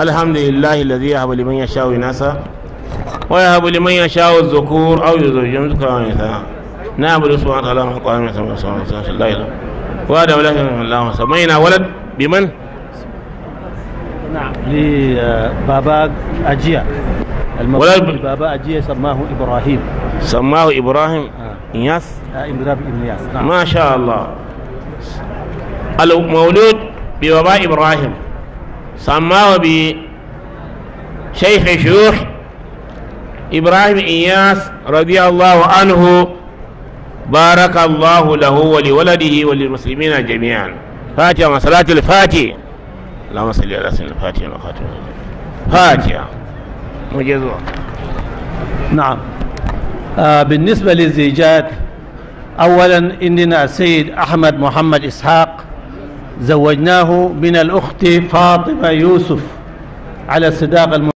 الحمد لله الذي يهب لمن يشاء ناسا ويهب لمن يشاء الذكور أو يزوجهم ذكرا وإناثا نعم سبحانه وتعالى من قال من سبحانه وتعالى وآدم لا إله الله سمينا ولد بمن؟ نعم لبابا أجيا ولد بابا أجيا سماه إبراهيم سماه إبراهيم ياس إبراهيم ياس ما شاء الله المولود ببابا إبراهيم سماه بشيخ شيوخ إبراهيم إياس رضي الله عنه بارك الله له ولولده وللمسلمين جميعا فاتحة صلاة الفاتحة اللهم صل على سيدنا الفاتحة وخاتم فاتحة مجزوة نعم آه بالنسبة للزيجات أولا إننا السيد أحمد محمد إسحاق زوجناه من الأخت فاطمة يوسف على صداق الم...